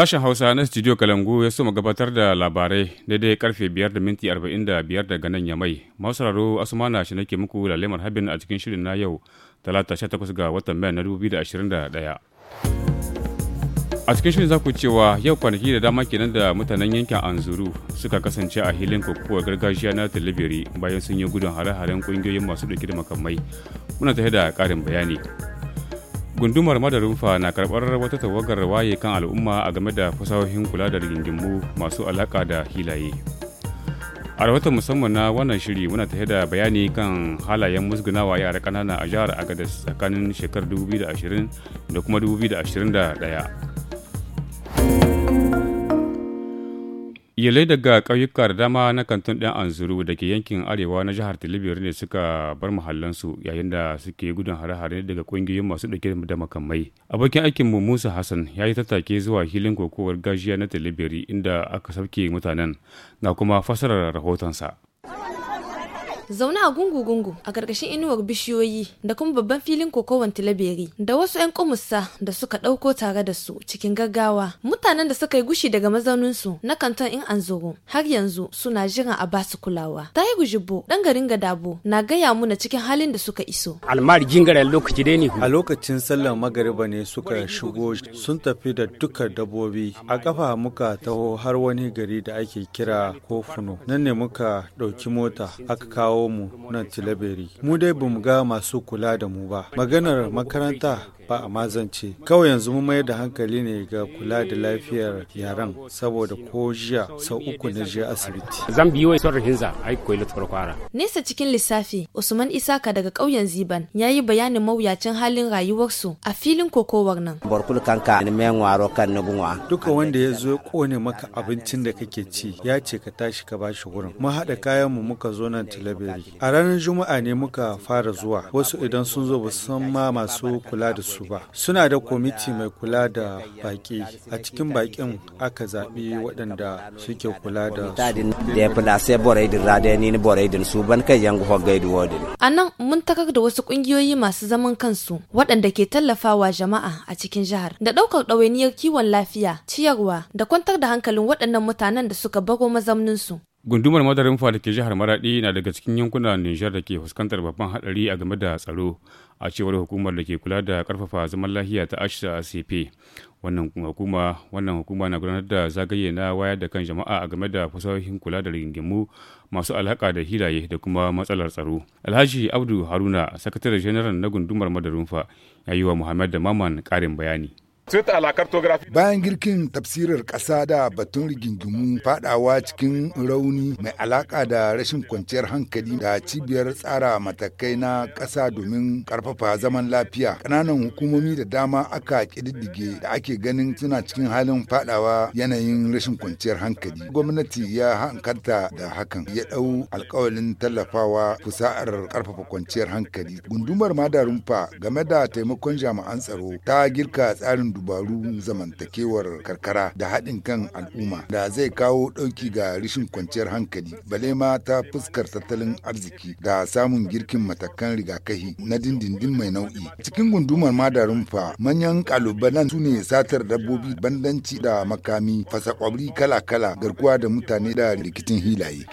Sashen Hausa na Studio Kalangu ya so gabatar da labarai daidai karfe 5 da minti 45 daga nan ya mai. Masararo Asumana shi nake muku lalemar habin a cikin shirin na yau, talata ga watan Mai na 2021. A cikin shirin za ku cewa yau kwanaki da dama kenan da mutanen yankin Anzuru suka kasance a hilin kokowar gargajiya na Tilibiri bayan sun yi gudun hare-haren kungiyoyin masu dauke da makamai. Muna tafi da ƙarin bayani. gundumar madarufa na karɓar wata tawagar waye kan al'umma a game da fasahohin kula da rigingimu masu alaka da hilaye a rahoton musamman na wannan shiri muna tafiya da bayani kan halayen musgunawa yara ƙanana a jihar agadas tsakanin shekarar 2020 da kuma 2021 iyalai daga ƙauyuka da dama na kantin ɗan anzuru da ke yankin arewa na jihar talibiyar ne suka bar mahallansu yayin da suke gudun hare-hare daga ƙungiyoyin masu ɗauke da makamai abokin aikin mu musa hassan ya yi tattake zuwa hilin kokowar gajiya na talibiyar inda aka sauke mutanen ga kuma fassarar rahotonsa zaune a gungu-gungu a ƙarƙashin inuwar bishiyoyi da kuma babban filin kokowan tilaberi da wasu 'yan kumusa da suka ɗauko tare da su cikin gaggawa mutanen da suka yi gushi daga mazauninsu na kanton in an zoro har yanzu suna jiran a basu kulawa ta yi gujibo ɗan garin gadabo na gaya muna cikin halin da suka iso almar jingaren lokaci dai ne a lokacin sallar magariba ne suka shigo sun tafi da duka dabbobi a kafa muka taho har wani gari da ake kira kofuno nan ne muka ɗauki mota aka kawo kawo mu nan tilabiri mu dai bamu ga masu kula da mu ba maganar makaranta ba a mazance kawai yanzu mun mayar da hankali ne ga kula da lafiyar yaran saboda ko jiya sau uku na jiya asibiti zan biyo son hinza ai koyi kwara nesa cikin lissafi usman isaka daga ƙauyen ziban ya yi bayanin mawuyacin halin rayuwarsu a filin kokowar nan barkul kanka ni mai waro kan ni gunwa duka wanda ya zo ya kone maka abincin da kake ci ya ce ka tashi ka bashi wurin mu haɗa kayan mu muka zo nan tilabiri a ranar juma'a ne muka fara zuwa wasu idan sun zo ba san ma masu kula da su su ba suna da kwamiti mai kula da baƙi a cikin baƙin aka zaɓi waɗanda suke kula da su su ban kai 'yan a nan mun takar da wasu ƙungiyoyi masu zaman kansu waɗanda ke tallafawa jama'a a cikin jihar da ɗaukar ɗawainiyar kiwon lafiya ciyarwa da kwantar da hankalin waɗannan mutanen da suka bago mazauninsu Gundumar madarin fa da ke jihar maraɗi na daga cikin yankunan Nijar da ke fuskantar babban hadari a game da tsaro. a cewar hukumar da ke kula da karfafa zaman lafiya ta HACP. a hukuma wannan hukuma na gudanar da zagaye na wayar da kan jama'a a game da fasahohin kula da rigingimu masu alhaka da hiraye da kuma matsalar tsaro. Alhaji Abdu Haruna, sakatare janar na gundumar Madarunfa, ya yi wa Muhammad da Maman karin bayani. Bayan girkin tafsirar ƙasa da batun rigingimu fadawa cikin rauni mai alaƙa da rashin kwanciyar hankali da cibiyar tsara matakai na ƙasa domin ƙarfafa zaman lafiya. Ƙananan hukumomi da dama aka ƙididdige da ake ganin suna cikin halin fadawa yanayin rashin kwanciyar hankali. Gwamnati ya hankarta da hakan ya ɗau alƙawalin tallafawa fusa'ar ƙarfafa kwanciyar hankali. Gundumar Madarumfa game da taimakon jami'an tsaro ta girka tsarin dubarun zamantakewar karkara da haɗin kan al'umma da zai kawo ɗauki ga rishin kwanciyar hankali bale ma ta fuskar tattalin arziki da samun girkin matakan rigakahi na dindindin mai nau'i cikin gundumar madarin fa manyan kalubalen su ne satar dabbobi bandanci da makami fasa kwabri kala-kala garkuwa da mutane da rikicin hilaye.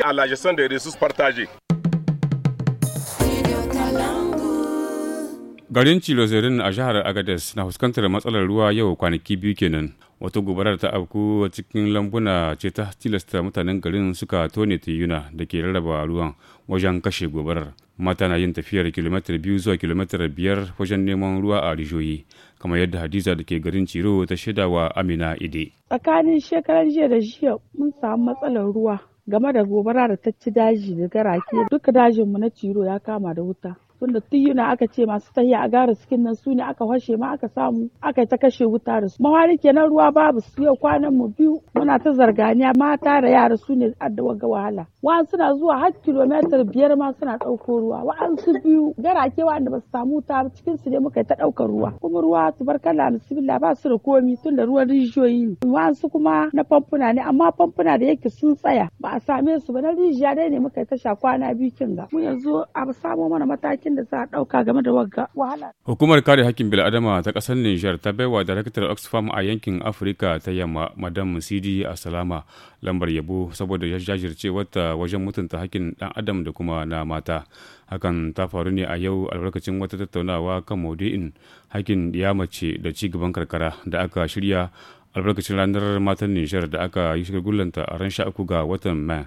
Garin Cilozerin a jihar Agadez na fuskantar matsalar ruwa yau kwanaki biyu kenan. Wata gobarar ta afku cikin lambuna ce ta tilasta mutanen garin suka tone tiyuna da ke rarraba ruwan wajen kashe gobarar. Mata na yin tafiyar kilomita biyu zuwa kilomita biyar wajen neman ruwa a rijiyoyi, kamar yadda Hadiza da ke garin Ciro ta shaida wa Amina Ide. Tsakanin shekaran jiya da jiya mun samu matsalar ruwa game da gobara da ta ci daji da garake duka dajinmu na Ciro ya kama da wuta. tunda tiyuna aka ce masu tahiya a gara sukin nan su ne aka washe ma aka samu aka ta kashe wuta da su mawari kenan ruwa babu su yau kwanan mu biyu muna ta zarganiya mata da yara su ne addawa ga wahala wa'an suna zuwa har kilomitar biyar ma suna ɗauko ruwa wa'an su biyu garake wa'anda ba su samu wuta ba cikin su ne muka ta ɗaukar ruwa kuma ruwa tubarkala bismillah ba su da komi tunda ruwan rijiyoyi ne wa'an su kuma na famfuna ne amma famfuna da yake sun tsaya ba a same su ba na rijiya dai ne muka ta sha kwana biyu kin ga mu yanzu a samo mana matakin matakin da za a ɗauka game da wagga wahala. Hukumar kare hakkin bil'adama ta ƙasar Nijar ta baiwa daraktar Oxfam a yankin Afirka ta yamma Madam Sidi Asalama lambar yabo saboda jajircewarta wajen mutunta hakkin ɗan adam da kuma na mata. Hakan ta faru ne a yau albarkacin wata tattaunawa kan maudu'in hakkin ya mace da ci gaban karkara da aka shirya albarkacin ranar matan Nijar da aka yi shirgullanta a ran sha ga watan Mai.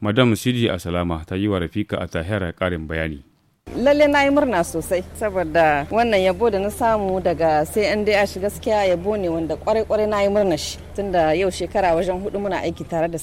Madam Sidi Asalama ta yi wa Rafika a tahera karin bayani. lalle na yi murna sosai saboda wannan yabo da na samu daga shi gaskiya yabo ne wanda kwarai kwarai na yi murna shi tunda yau shekara wajen hudu muna aiki tare da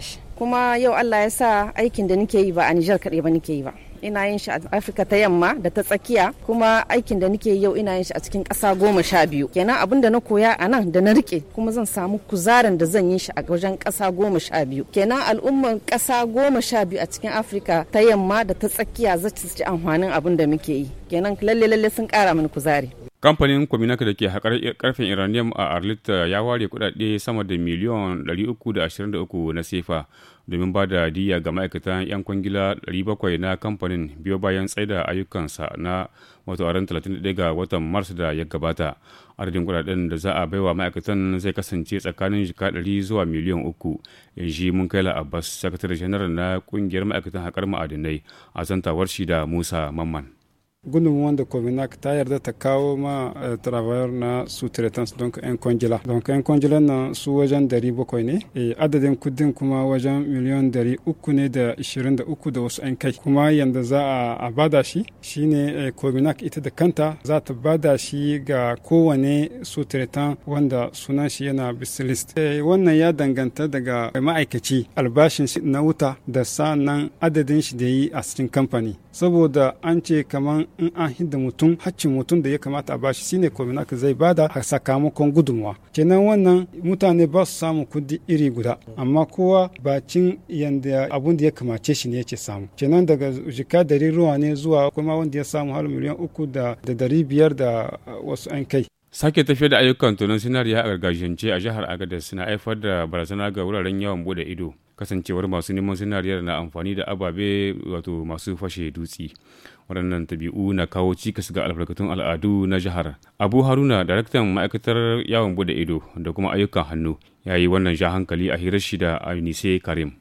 shi. kuma yau Allah ya sa aikin da nake yi ba a Nijar kaɗai ba nake yi ba ina yin shi a Afirka ta yamma da ta tsakiya kuma aikin da nake yau ina yin shi a cikin ƙasa goma sha biyu kenan abin da na koya a nan da na rike kuma zan samu kuzarin da zan yi shi a wajen ƙasa goma sha biyu kenan al'umman ƙasa goma sha biyu a cikin Afirka ta yamma da ta tsakiya za ci amfanin abin da muke yi kenan lalle lalle sun ƙara mini kuzari kamfanin kwaminak da ke haƙar karfin iranium a arlita eh, ya ware kudade sama da miliyan 323 na sefa domin ba da diya ga ma'aikatan 'yan kwangila 700 na kamfanin biyo bayan tsaida ayyukansa na wato ran 31 ga watan mars da ya gabata adadin kudaden da za a baiwa ma'aikatan zai kasance tsakanin jika 100 zuwa miliyan 3 in ji mun kaila abbas sakatare janar na kungiyar ma'aikatan haƙar ma'adinai a zantawar shi da musa mamman gudunmuwan da kominak ta yarda ta kawo ma eh, travayor na sutretans don yan kwangila don kwangilan na su wajen dari bakwai ne eh, adadin kudin kuma wajen miliyan dari uku ne da ishirin da uku da wasu yan kai kuma yanda za a bada shi shine kominak eh, ita da kanta za ta bada shi ga kowane sutretan wanda sunan shi yana bisilist wannan ya danganta daga ma'aikaci albashin shi na wuta da nan adadin shi da yi a cikin kamfani saboda an ce kaman in an hidda mutum haccin mutum da ya kamata a bashi shine kominak zai bada a sakamakon gudunwa kenan wannan mutane ba su samu kudi iri guda amma kowa bacin yanda abun da ya kamace shi ne yake samu kenan daga jika dari ruwa ne zuwa kuma wanda ya samu har miliyan uku da dari biyar da wasu an kai sake tafiya da ayyukan tonon sinariya a gargajiyance a jihar agadez na haifar da barazana ga wuraren yawon bude ido kasancewar masu neman sinariyar na amfani da ababe wato masu fashe dutse waɗannan tabi'u na kawo cikas ga albarkatun al'adu na jihar abu haruna daraktan ma'aikatar yawon bude ido da kuma ayyukan hannu ya yi wannan ja hankali a hirar shi da anise karim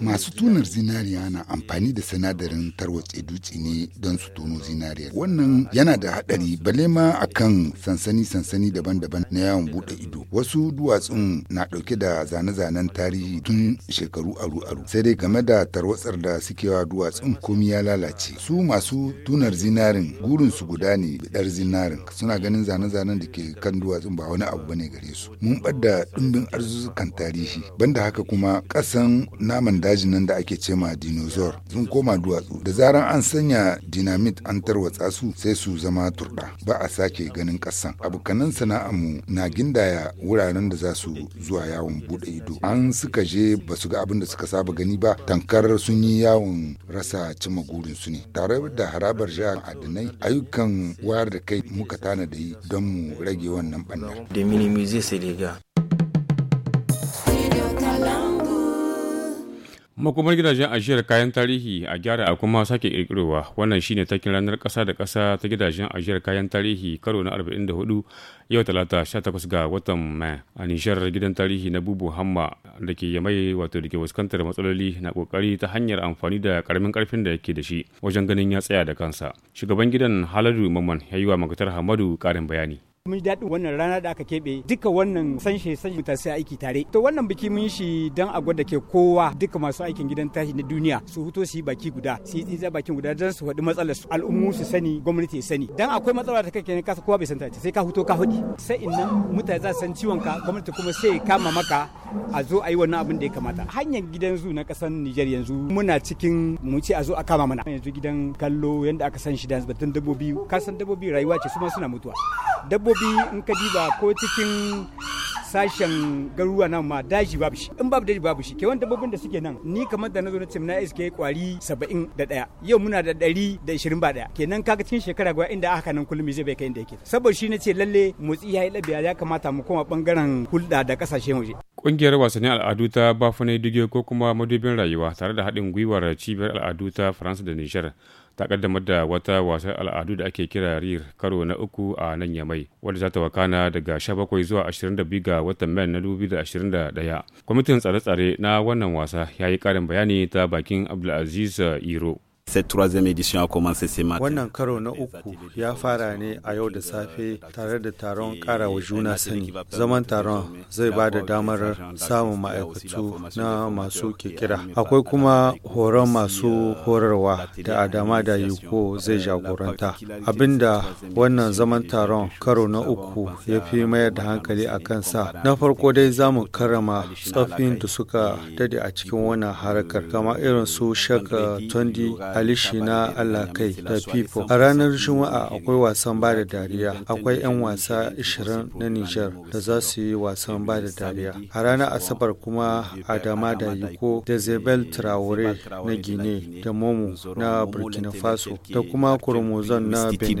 Masu tunar zinariya na amfani da sinadarin tarwatse dutse ne don su tono zinariya. Wannan yana da haɗari bale ma a sansani-sansani daban-daban na yawon buɗe ido. Wasu duwatsun na ɗauke da zane-zanen tarihi tun shekaru aru-aru. Sai dai game da tarwatsar da suke wa duwatsun komi ya lalace. Su masu tunar zinarin gurin su guda ne bidar zinarin. Suna ganin zane-zanen da ke kan duwatsun ba wani abu bane gare su. Mun ɓadda ɗumbin arzuzukan tarihi. Banda haka haka kuma kasan naman dajin nan da ake cema dinosaur sun koma duwatsu da zaran an sanya dinamit an tarwatsa su sai su zama turɗa ba a sake ganin kasan abokanan sana'armu na gindaya wuraren da za su zuwa yawon bude ido an suka je ba su ga abin da suka saba gani ba tankar sun yi yawon rasa cima gurin su ne tare da harabar jihar adinai ayyukan wayar da kai muka tana da yi don mu rage wannan bannar. makomar gidajen ajiyar kayan tarihi a gyara a kuma sake kirkirowa wannan shine takin ranar kasa da kasa ta gidajen ajiyar kayan tarihi karo na 44 yau talata 18 ga watan mai a nishar gidan tarihi na bubu hamma da ke yamai wato da ke fuskantar matsaloli na kokari ta hanyar amfani da karamin karfin da yake da shi wajen ganin ya tsaya da kansa shugaban gidan haladu maman ya yi wa hamadu karin bayani mun daɗin wannan rana da aka keɓe duka wannan sanshe sanshe ta sai aiki tare to wannan biki mun shi dan a gwada ke kowa duka masu aikin gidan tashi na duniya su huto su yi baki guda su yi tsintsiya bakin guda dan su faɗi matsalar su al'ummu su sani gwamnati sani dan akwai matsala da kake ne kasa kowa bai ta. sai ka huto ka faɗi sai innan mutane za su san ciwon ka gwamnati kuma sai kama maka a zo a yi wannan abin da ya kamata hanyar gidan zu na ƙasar Nijar yanzu muna cikin mu ce a zo a kama mana yanzu gidan kallo yanda aka san shi da batun dabbobi kasan dabbobi rayuwa ce su ma suna mutuwa dabbobi in ka diba ko cikin sashen garuruwa nan ma daji babu shi in babu daji babu shi kewan dabbobin da suke nan ni kamar da na zo na ce na iske kwari 71 yau muna da ba daya kenan kaga cikin shekara guda inda aka nan kullum zai bai kai inda yake saboda shi ne ce lalle motsi yayi labiya ya kamata mu koma bangaren hulɗa da kasashen waje Ƙungiyar wasannin al'adu ta Bafune Dige ko kuma madubin rayuwa tare da haɗin gwiwar cibiyar al'adu ta Faransa da Nijar ta kaddamar da wata wasan al'adu da ake kira RIR karo na uku a nan Yamai wadda za ta wakana daga 17 zuwa 22 ga watan Mai na 2021. Kwamitin tsare-tsare na wannan wasa ya yi ƙarin bayani ta bakin Abdulaziz Iro. Cette troisième édition a commencé ce matin. Wannan karo na uku ya fara ne a yau da safe tare da taron karawa juna sani. Zaman taron zai ba da damar samun ma'aikatu na masu kikira. Akwai kuma horon masu horarwa da Adama da Yuko zai jagoranta. Abinda wannan zaman taron karo na uku ya fi mayar da hankali a kansa. Na farko dai za mu karama tsoffin da suka dade a cikin wannan harakar kama irin su shaka tondi alishi na kai da pipo a ranar juma'a akwai wasan ba da dariya akwai 'yan wasa 20 na nijar da za su yi wasan ba da dariya a ranar asabar kuma adama da yiko da zebel traore na guinea da momo na burkina faso da kuma kromozon na benin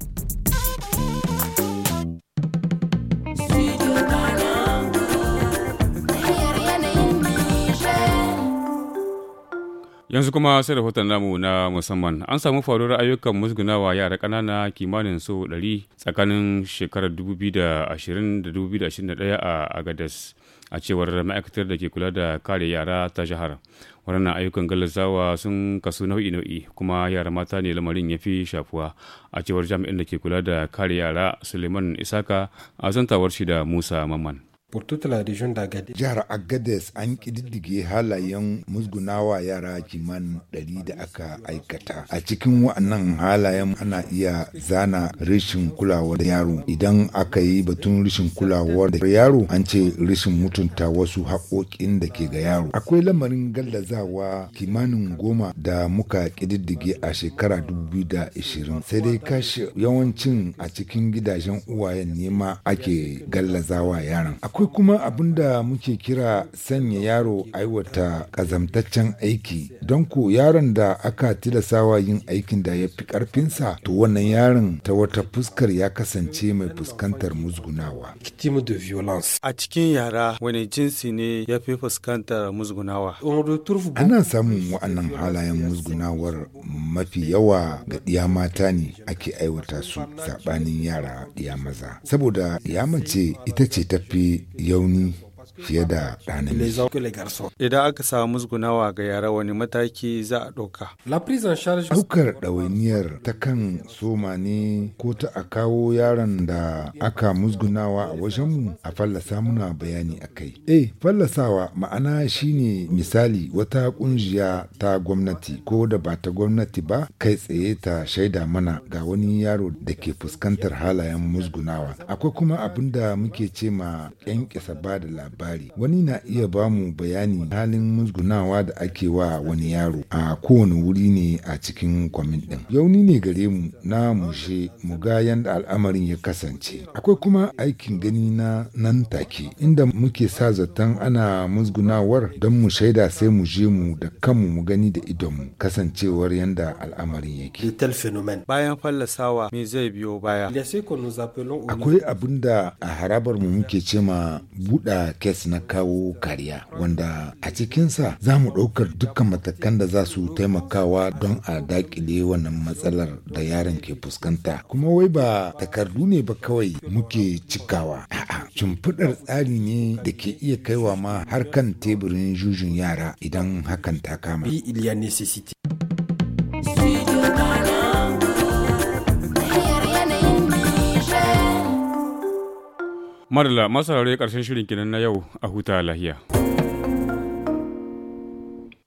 Bye. Yanzu kuma sai rahoton namu na musamman an samu faruwar ayyukan musgunawa yara ƙanana kimanin so 100 tsakanin shekarar 2020 da 2021 a Agadas. a cewar ma'aikatar da ke kula da kare yara ta jihar waɗannan ayyukan galazawa sun kasu nau'i-nau'i kuma yara mata ne lamarin ya fi shafuwa a cewar jami'in da ke kula da kare yara suleiman isaka a zantawar shi da musa mamman. Jihar Agadez an ƙididdige halayen musgunawa yara kiman ɗari da aka aikata. A cikin wa'annan halayen ana iya zana rashin kulawar yaro. Idan aka yi batun rashin kulawar da yaro an ce rashin mutunta wasu haƙoƙin da ke ga yaro. Akwai lamarin gallazawa kimanin goma da muka ƙididdige a shekara ishirin. Sai dai kashi yawancin a cikin gidajen uwayen nema ake gallazawa yaran. Akwai Akwai kuma abin da muke kira sanya yaro aiwata ƙazamtaccen aiki, don ko yaron da aka tilasawa yin aikin da ya fi ƙarfinsa, to wannan yaron ta wata fuskar ya kasance mai fuskantar musgunawa. A cikin yara wani jinsi ne ya fi fuskantar musgunawa? Ana samun wa'annan halayen musgunawar mafi yawa ga ɗiya mata ne ake aiwata su saɓanin yara ɗiya maza. Saboda mace ita ce tafi Yoni. fiye da ɗa Idan aka samu musgunawa ga yara wani mataki za a ɗauka. Ɗaukar ɗawainiyar ta kan soma ne ko ta a kawo yaron da aka musgunawa a wajenmu a fallasa muna bayani a kai. Eh, fallasawa ma'ana shine misali wata ƙungiya ta gwamnati ko da ba ta gwamnati ba kai tsaye ta shaida mana ga wani yaro da ke fuskantar halayen musgunawa. Akwai kuma abin da muke ce ma ƙyanƙyasa bada labari. ƙari wani na iya ba mu bayani halin musgunawa da ake wa wani yaro a kowane wuri ne a cikin kwamin din. yauni ne gare mu na mushe mu ga yadda al'amarin ya kasance akwai kuma aikin gani na nan take inda muke sa zaton ana musgunawar don mu shaida sai mu je mu da kanmu mu gani da idon mu kasancewar yadda al'amarin yake bayan fallasawa me zai biyo baya akwai abin da a harabar mu muke cema buɗa kes na kawo kariya wanda a cikinsa za mu ɗaukar dukkan matakan da za su taimakawa don a daƙile wannan matsalar da yaron ke fuskanta kuma wai ba takardu ne ba kawai muke cikawa a'a shimfiɗar tsari ne da ke iya kaiwa ma har kan teburin jujun yara idan hakan ta kama. Madalla masu ƙarshen shirin kinan na yau a huta lahiya.